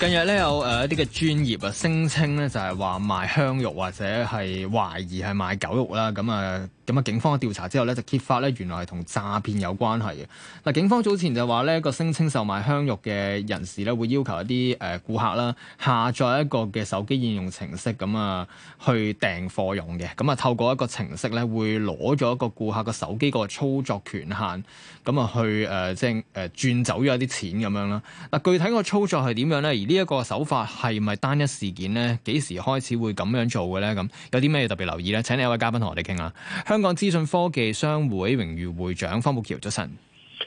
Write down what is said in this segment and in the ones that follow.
近日呢，有誒一啲嘅專業聲稱呢，就係、是、話賣香肉或者係懷疑係賣狗肉啦，咁啊～、呃咁啊！警方嘅調查之後咧，就揭發咧，原來係同詐騙有關係嘅。嗱，警方早前就話一個聲稱售賣香肉嘅人士咧，會要求一啲誒顧客啦下載一個嘅手機應用程式，咁啊去訂貨用嘅。咁啊，透過一個程式咧，會攞咗一個顧客個手機個操作權限，咁啊去誒即係誒轉走咗一啲錢咁樣啦。嗱，具體個操作係點樣咧？而呢一個手法係咪單一事件咧？幾時開始會咁樣做嘅咧？咁有啲咩特別留意咧？請你一位嘉賓同我哋傾下。香港資訊科技商會榮譽會長方保僑，早晨，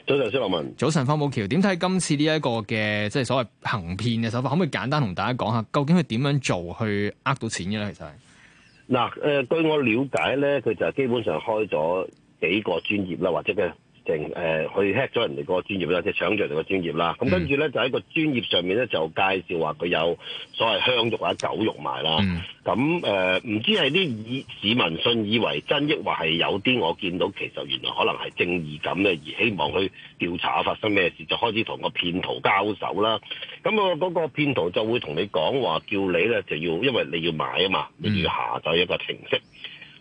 早晨施伯文，早晨方保僑，點睇今次呢一個嘅即係所謂行騙嘅手法？可唔可以簡單同大家講下，究竟佢點樣做去呃到錢嘅咧？其實係嗱，誒，據我了解咧，佢就係基本上開咗幾個專業啦，或者咩？定去 hack 咗人哋個專業啦，即係搶咗人哋個專業啦。咁、嗯、跟住咧就喺個專業上面咧就介紹話佢有所謂香肉啊、狗肉賣啦。咁誒唔知係啲以市民信以為真，抑或係有啲我見到其實原來可能係正義感咧，而希望去調查發生咩事，就開始同個騙徒交手啦。咁啊嗰個騙徒就會同你講話，叫你咧就要因為你要買啊嘛，你要下載一個程式。嗯嗯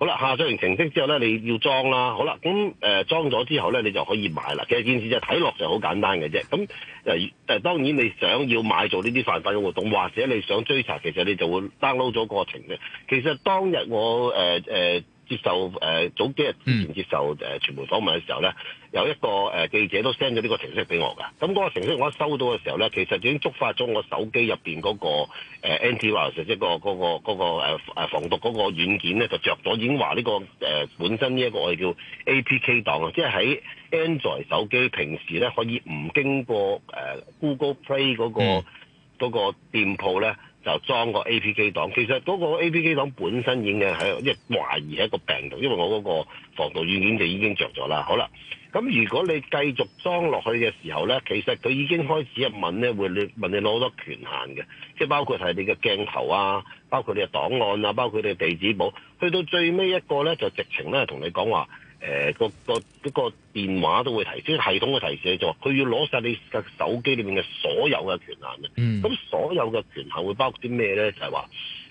好啦，下載完程式之後咧，你要裝啦。好啦，咁、呃、裝咗之後咧，你就可以買啦。其實件事就睇落就好簡單嘅啫。咁誒誒當然你想要買做呢啲犯法嘅活動，或者你想追查，其實你就會 download 咗個程式嘅。其實當日我誒、呃呃接受誒早幾日之前接受誒、呃、傳媒訪問嘅時候咧，有一個誒、呃、記者都 send 咗呢個程式俾我㗎。咁嗰個程式我一收到嘅時候咧，其實已經觸發咗我手機入邊嗰個誒 Antivirus 即係個嗰、嗰個嗰、嗰個呃、防毒嗰個軟件咧，就着咗已經話呢、呢個誒、呃、本身呢一個我哋叫 APK 檔啊，即係喺 Android 手機平時咧可以唔經過誒、呃、Google Play 嗰、嗰個嗯嗰個店鋪咧。就裝個 A P K 檔，其實嗰個 A P K 檔本身已經係喺，即係懷疑係一個病毒，因為我嗰個防毒軟件就已經着咗啦。好啦，咁如果你繼續裝落去嘅時候咧，其實佢已經開始一問咧，會問你攞好多權限嘅，即係包括係你嘅鏡頭啊，包括你嘅檔案啊，包括你嘅地址簿，去到最尾一個咧，就直情咧同你講話。誒、呃、個個嗰個電話都會提示系統會提示你，就佢要攞晒你手機裏面嘅所有嘅權限咁、嗯、所有嘅權限會包括啲咩呢？就係、是、話，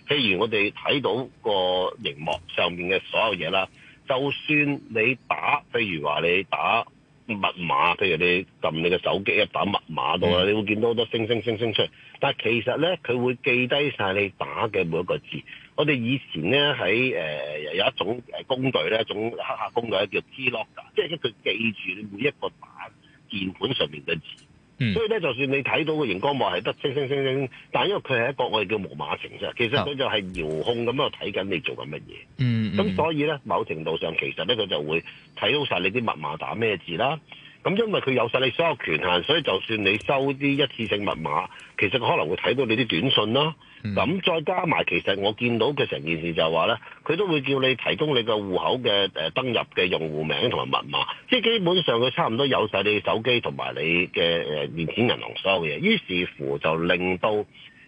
譬如我哋睇到個熒幕上面嘅所有嘢啦，就算你打，譬如話你打密碼，譬如你撳你嘅手機一打密碼到啦，你會見到好多星星星星出嚟。但係其實呢，佢會記低晒你打嘅每一個字。我哋以前咧喺誒有一種誒工具，咧一種黑客工具咧叫 Logger 即係一佢記住你每一個打鍵盤上面嘅字、嗯，所以咧就算你睇到個熒光幕係得星星星星，但因為佢係一個我哋叫木馬程式，其實佢就係遙控咁喺度睇緊你做緊乜嘢，咁、嗯嗯、所以咧某程度上其實咧佢就會睇到晒你啲密碼打咩字啦。咁因為佢有晒你所有權限，所以就算你收啲一,一次性密碼，其實可能會睇到你啲短信啦。咁、嗯、再加埋，其實我見到嘅成件事就係話咧，佢都會叫你提供你個戶口嘅、呃、登入嘅用戶名同埋密碼，即係基本上佢差唔多有晒你手機同埋你嘅誒現錢銀行所有嘢。於是乎就令到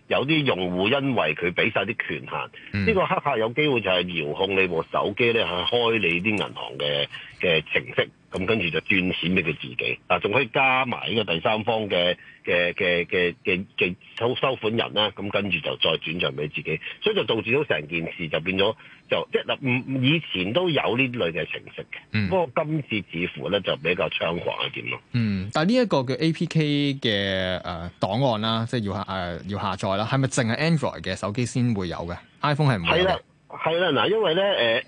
有啲用戶因為佢俾晒啲權限，呢、嗯，這個黑客有機會就係遙控你部手機咧，去開你啲銀行嘅嘅程式。咁跟住就轉錢俾佢自己，仲可以加埋呢個第三方嘅嘅嘅嘅嘅嘅收收款人啦。咁跟住就再轉帳俾自己，所以就導致到成件事就變咗就即係嗱，唔以前都有呢類嘅程式嘅、嗯，不過今次似乎咧就比較猖狂一點咯。嗯，但呢一個叫 A P K 嘅誒、呃、檔案啦，即係要下、呃、要下載啦，係咪淨係 Android 嘅手機先會有嘅？iPhone 係唔會。係啦，嗱，因為咧，誒、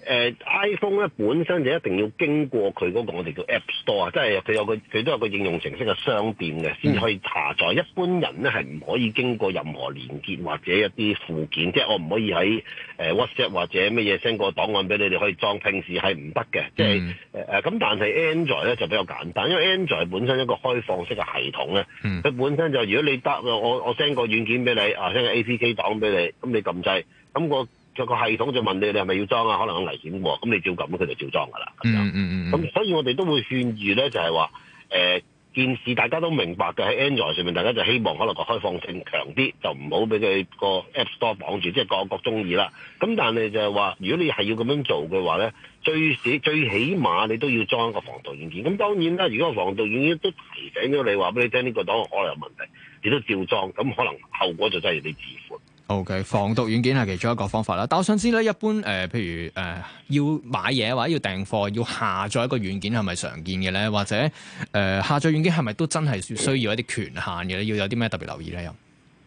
呃、誒、呃、iPhone 咧本身就一定要經過佢嗰、那個我哋叫 App Store 啊，即係佢有個佢都有個應用程式嘅商店嘅，先、嗯、至可以下載。一般人咧係唔可以經過任何連結或者一啲附件，即係我唔可以喺誒、呃、WhatsApp 或者乜嘢 send 個檔案俾你哋可以裝，平時係唔得嘅。即係誒誒，咁、就是呃、但係 Android 咧就比較簡單，因為 Android 本身一個開放式嘅系統咧，佢本身就如果你得我我 send 個軟件俾你啊，send 個 APK 檔俾你，咁、啊、你撳掣，咁、那個。就個系統就問你，你係咪要裝啊？可能好危險喎，咁你照咁，佢就照裝噶啦。咁、嗯、樣，咁、嗯嗯、所以我哋都會勸喻咧，就係話，誒，件事大家都明白嘅喺 Android 上面，大家就希望可能個開放性強啲，就唔好俾佢個 App Store 綁住，即係個個鍾意啦。咁但係就係話，如果你係要咁樣做嘅話咧，最起最起碼你都要裝一個防毒軟件。咁當然啦，如果個防毒軟件都提醒咗你，話俾你聽呢個檔案可能有問題，你都照裝，咁可能後果就真係你自負。O.K. 防毒軟件係其中一個方法啦，但我想知咧，一般、呃、譬如誒、呃、要買嘢或者要訂貨、要下載一個軟件係咪常見嘅咧？或者、呃、下載軟件係咪都真係需要一啲權限嘅咧？要有啲咩特別留意咧又？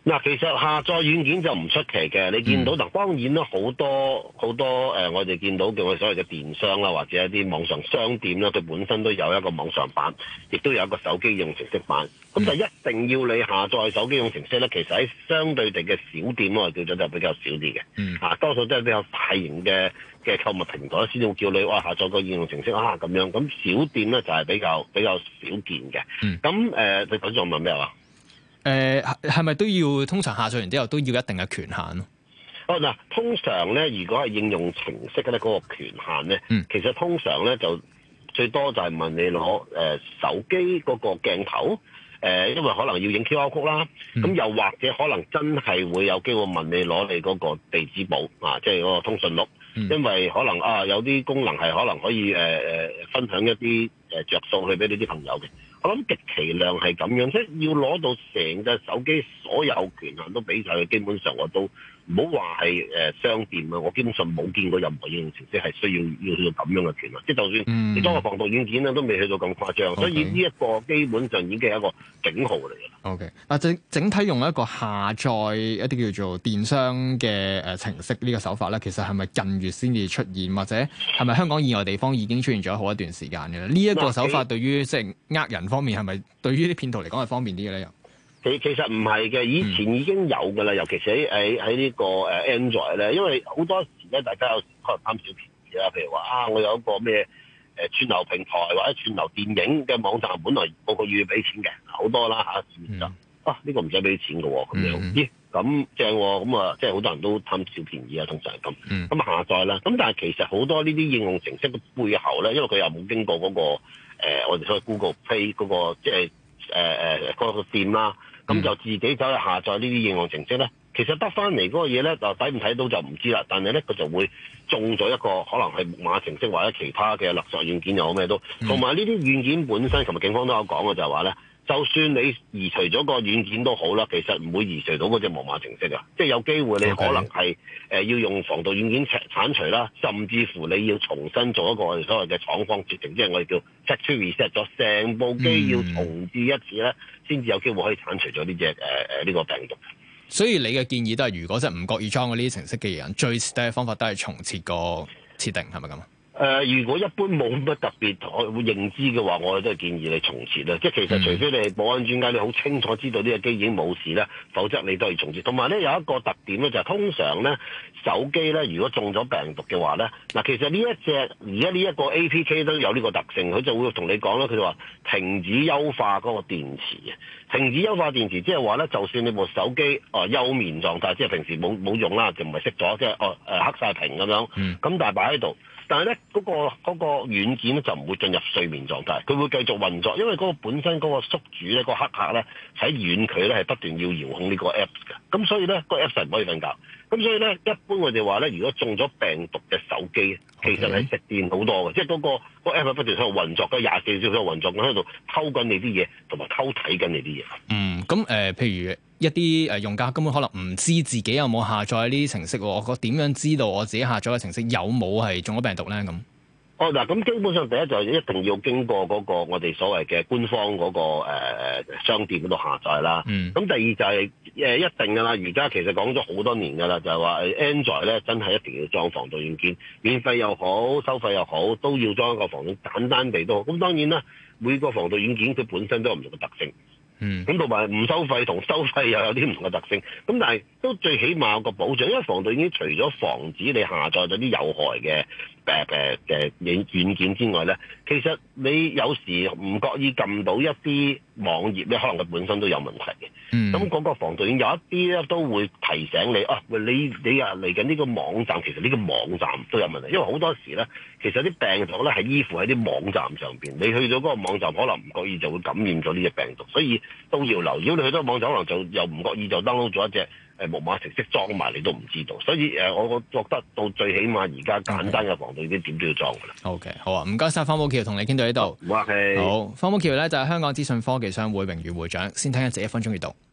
嗱，其實下載軟件就唔出奇嘅，你見到嗱、嗯，當然啦，好多好多誒、呃，我哋見到叫做所謂嘅電商啦，或者一啲網上商店啦，佢本身都有一個網上版，亦都有一個手機應用程式版。咁、嗯、就一定要你下載手機應用程式咧，其實喺相對地嘅小店啊，我叫咗就比較少啲嘅。嗯。啊，多數都係比較大型嘅嘅購物平台先會叫你哇下載個應用程式啊咁樣。咁小店咧就係、是、比較比較少見嘅。嗯。咁誒、呃，你繼續問咩話？誒、呃，係咪都要通常下載完之後都要一定嘅權限咯？哦，嗱，通常咧，如果係應用程式咧，嗰個權限咧、嗯，其實通常咧就最多就係問你攞誒、呃、手機嗰個鏡頭，誒、呃，因為可能要影 QR code 啦，咁、嗯、又或者可能真係會有機會問你攞你嗰個地址簿啊，即係嗰個通訊錄、嗯，因為可能啊有啲功能係可能可以誒誒、呃、分享一啲誒着數去俾呢啲朋友嘅。我諗極其量係咁樣，即係要攞到成隻手機所有權限都俾晒佢，基本上我都。唔好話係誒商店啊，我基本上冇見過任何應用程式係需要要咁樣嘅權啊。即係就算你當個防盜軟件啦，都未去到咁誇張。嗯、所以呢一個基本上已經係一個警號嚟嘅。O K. 啊整整體用一個下載一啲叫做電商嘅誒程式呢個手法咧，其實係咪近月先至出現，或者係咪香港以外地方已經出現咗好一段時間嘅咧？呢、這、一個手法對於即係呃人方面係咪對於啲騙徒嚟講係方便啲嘅咧？其其實唔係嘅，以前已經有嘅啦、嗯，尤其是喺喺呢個誒 Android 咧，因為好多時咧，大家有可能貪小便宜啦。譬如話啊，我有一個咩誒串流平台或者串流電影嘅網站，本來每個月要俾錢嘅，好多啦嚇。下次就、嗯、啊，呢、這個唔使俾錢嘅喎，咁樣咦咁、嗯欸、正喎、哦，咁啊，即係好多人都貪小便宜啊，通常係咁。咁、嗯、下載啦，咁但係其實好多呢啲應用程式嘅背後咧，因為佢又冇經過嗰、那個、呃、我哋所謂 Google Play、那、嗰個即係誒誒嗰個店啦。咁、嗯、就自己走去下、下載呢啲應用程式呢。其實得翻嚟嗰個嘢呢，就睇唔睇到就唔知啦。但係呢，佢就會中咗一個可能係木馬程式或者其他嘅垃圾軟件又好咩都，同埋呢啲軟件本身，同埋警方都有講嘅就係話呢。就算你移除咗個軟件都好啦，其實唔會移除到嗰隻木馬程式啊！即係有機會你可能係、okay. 呃、要用防毒軟件剷，剷除啦，甚至乎你要重新做一個我哋所謂嘅廠方設定，嗯、即係我哋叫 factory reset，咗成部機要重置一次咧，先至有機會可以鏟除咗呢隻誒呢個病毒。所以你嘅建議都係，如果真係唔覺意裝嗰呢啲程式嘅人，最 s t 方法都係重設個設定，係咪咁啊？誒、呃，如果一般冇乜特別，我會認知嘅話，我都係建議你重設啦。即其實，除非你保安專家，你好清楚知道呢隻機已經冇事啦，否則你都係重設。同埋咧有一個特點咧、就是，就係通常咧手機咧，如果中咗病毒嘅話咧，嗱其實呢一隻而家呢一個 A P K 都有呢個特性，佢就會同你講啦，佢就話停止優化嗰個電池，停止優化電池，即係話咧，就算你部手機啊、呃、休眠狀態，即係平時冇冇用啦，就唔係熄咗，即係哦、呃、黑晒屏咁樣，咁但係擺喺度。但係咧，嗰個嗰個軟件咧就唔會進入睡眠狀態，佢會繼續運作，因為嗰本身嗰個宿主咧，嗰個黑客咧喺遠距離咧係不斷要遙控呢個 apps 㗎，咁所以咧個 app 實唔可以瞓覺。咁所以咧，一般我哋話咧，如果中咗病毒嘅手機，其實係食電好多嘅，okay。即係嗰個嗰個 app 不斷喺度運作緊，廿四小時喺度運作，咁喺度偷緊你啲嘢，同埋偷睇緊你啲嘢。嗯，咁誒、呃，譬如。一啲用家根本可能唔知自己有冇下載呢啲程式，我覺點樣知道我自己下載嘅程式有冇係中咗病毒呢？咁哦嗱，咁基本上第一就一定要經過嗰個我哋所謂嘅官方嗰、嗰個、呃、商店嗰度下載啦。咁、嗯、第二就係、是呃、一定噶啦。而家其實講咗好多年噶啦，就係、是、話 Android 咧真係一定要裝防毒軟件，免費又好，收費又好，都要裝一個防毒，簡單地都。咁當然啦，每個防毒軟件佢本身都有唔同嘅特性。嗯，咁同埋唔收費，同收費又有啲唔同嘅特性，咁但係都最起碼有個保障，因為防毒已經除咗防止你下載咗啲有害嘅。誒誒誒，軟軟件之外咧，其實你有時唔覺意撳到一啲網頁咧，可能佢本身都有問題嘅。嗯，咁、那、嗰個防毒軟有一啲咧都會提醒你，啊，你你啊嚟緊呢個網站，其實呢個網站都有問題，因為好多時咧，其實啲病毒咧係依附喺啲網站上邊，你去到嗰個網站可能唔覺意就會感染咗呢隻病毒，所以都要留意。如果你去到個網站，可能就又唔覺意就 download 咗一隻。誒，木馬程式裝埋你都唔知道，所以誒，我我覺得到最起碼而家簡單嘅防毒啲點都要裝㗎啦。OK，好啊，唔該晒。方保僑同你傾到呢度。好，方保僑咧就係香港資訊科技商會榮譽會長。先睇一節一分鐘閱讀。